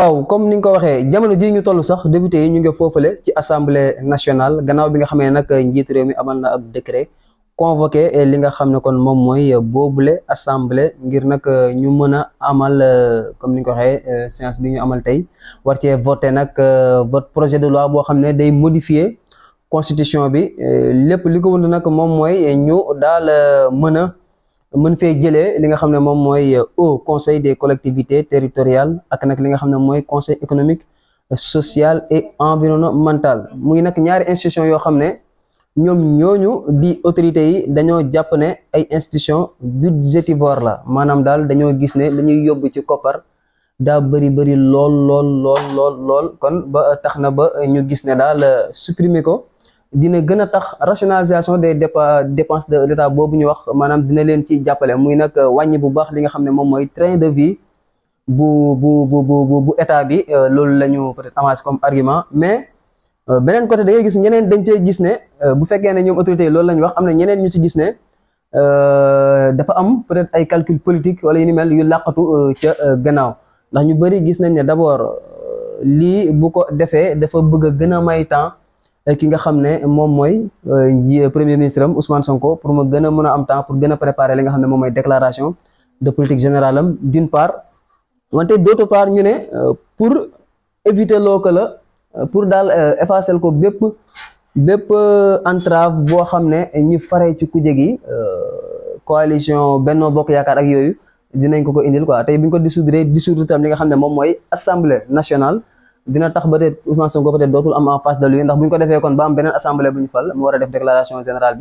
waaw comme ni nga ko waxee jamono ji ñu toll sax député yi ñu ngi foofale ci assemblée nationale gannaaw bi nga xamee nag njiit réew mi amal na ab décret convoqué eh, li nga xam ne kon moom mooy boobule assemblée ngir nag eh, ñu mën a amal eh, comme ni nga ko waxee séance bi ñu amal tey war cee voté nag vote projet de loi boo xam ne day modifier constitution bi lépp li ko wund nag moom mooy ñu daal mën a mën fee jëlee li nga xam ne moom mooy euh, haut conseil des collectivité territoriales ak nag li nga xam ne mooy conseil économique social et environnemental muy nag ñaari institution yoo xam ne ñoom ñooñu di autorités yi dañoo jàpp ne ay institution budgétivore la maanaam daal dañoo gis ne li ñuy yóbbu ci koppar daa bëri bëri lool lool lool lool kon ba tax na ba ñu gis ne daal euh, supprimer ko dina gën a tax rationalisation des dépenses de l'État boobu ñu wax maanaam dina leen ci jàppale muy nag wàññi bu baax li nga xam ne moom mooy train de vie bu bu bu bu état bi euh, loolu la ñu peut-être avancé comme argument mais euh, beneen côté da ngay gis ñeneen dañ cee gis ne euh, bu fekkee ne ñoom autorités yi loolu la ñu wax am na ñeneen ñu ci gis ne dafa am peut-être ay calcul politique wala yu ni mel yu làqatu ca gannaaw ndax ñu bëri gis nañ ne d'abord lii bu ko defee dafa bëgg a gën a may temps. Eh, ki nga xam ne moom mooy eh, eh, premier ministre am Ousmane Sonko pour ma gën a mën a am temps pour gën a préparer li nga xam ne moom mooy déclaration de politique générale d'une part wante d'autre part ñu ne pour éviter loo ko la pour daal effacer ko bépp bépp entrave boo xam ne ñi faree ci kuje gi coalition Benno Bokk Yaakaar ak yooyu dinañ ko ko indil quoi tey bu ñu ko dissoudre dissoudre tam li nga xam ne moom mooy assemblée nationale dina tax ba être Ousmane Sonko peut-être dootul am en face de lui ndax bu ñu ko defee kon ba am beneen assemblée bu ñu fal mu war a def déclaration générale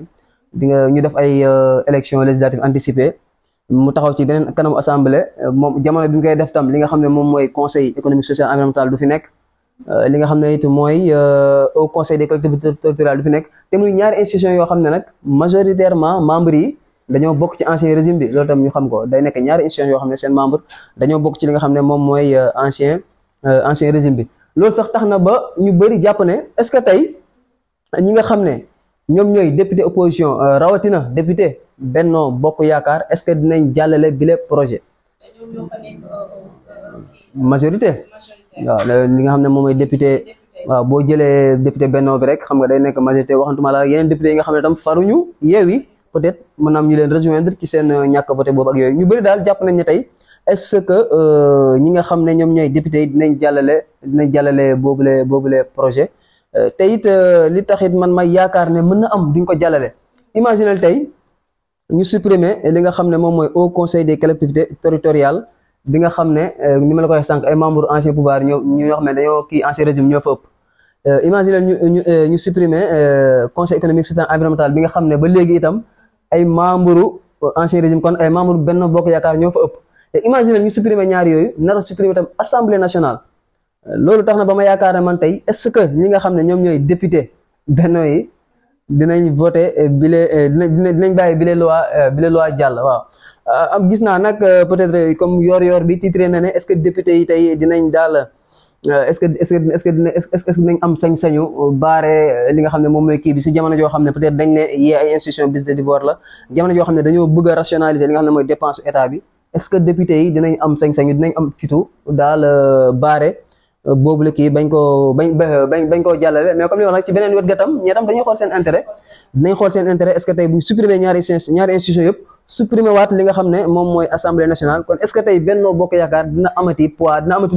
bi ñu def ay euh, élection législative anticipée mu taxaw ci beneen kanamu assemblée euh, moom jamono bi ñu koy def tam li nga xam ne moom mooy conseil économique social environnemental du fi nekk euh, li nga xam ne it mooy au conseil des collectivités territoriales du fi nekk te muy yoo xam ne nag majoritairement membres yi dañoo bokk ci ancien régime bi loolu tam ñu xam ko day nekk ñaari institution yoo xam ne seen membre dañoo bokk ci li nga xam ne moom mooy ancien Euh, ancien régime bi loolu sax tax na ba ñu bëri jàpp ne est-ce que tey ñi nga xam ne ñoom ñooy député opposition euh, rawatina député Benno Bokk Yaakaar est-ce que dinañ jàllale bile projet euh, majorité waaw li xam ne moom mooy député waaw boo jëlee député Benno bi rek xam nga day nekk majorité waxantuma la yeneen député yi nga xam ne tam faruñu yeewi peut-être mën ñu leen rejoindre ci seen ñàkk voté boobu ak yooyu ñu bëri daal jàpp nañ ne tey est-ce que euh, ñi nga xam ne ñoom ñooy député yi dinañ jàllale dinañ jàllale boobule boobule projet euh, te it euh, li taxit man may yaakaar ne mën na am duñ ko jàllale imaginel tey ñu supprimer li nga xam ne moom mooy haut conseil des collectivités territoriales bi nga xam ne ma la ko sànq ay membres ancien pouvoir ñoo ñoo xam ne dañoo kii ancien régime ñoo fa ëpp imaginel ñu ñu ñu supprimer conseil économique social environnemental bi nga xam ne ba léegi itam ay membres ancien régime kon ay membres benn bokk yaakaar ñoo fa ëpp te imaginer ñu supprimer ñaar yooyu nara a supprimer tam assemblée nationale loolu tax na ba ma yaakaar ne man tey est-ce que ñi nga xam ne ñoom ñooy député Benno yi dinañ voté eh, bile eh, dinañ dinañ bàyyi bile loi eh, bile loi jàll waaw ah, am gis naa nag peut-être comme yor-yor bi titré na ne est-ce que député yi tey dinañ daal est-ce dinañ am sañ-sañu baare li nga xam ne moom mooy kii bi si jamono joo xam ne peut-être dañ ne yee ay institution business d'ivoire la jamono joo xam ne dañoo bëgg a rationaliser li nga bi. est-ce que député yi dinañ am sañ-sañ dinañ am fitu daal euh, baare euh, boobu la kii bañ koo bañ bañ koo jàllale mais comme li wax nag ci beneen wet ga tam ñee tam dañuy xool seen intérêt dinañ xool seen intérêt est-ce que tey bu supprimer ñaari ñaari ne moom mooy assemblée nationale kon est-ce que tey Benno Bokk Yaakaar dina amati poids dina amati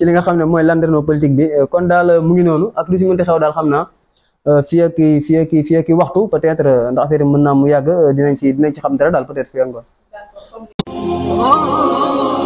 li nga xam ne mooy landerneau politique bi euh, kon daal mu ngi noonu ak lu si mënti xew daal xam naa fii ak fii ak fii ak waxtu peut-être ndax affaire mën naa mu yàgg dinañ ci dinañ ci xam dara daal peut-être fii ngoon Oh,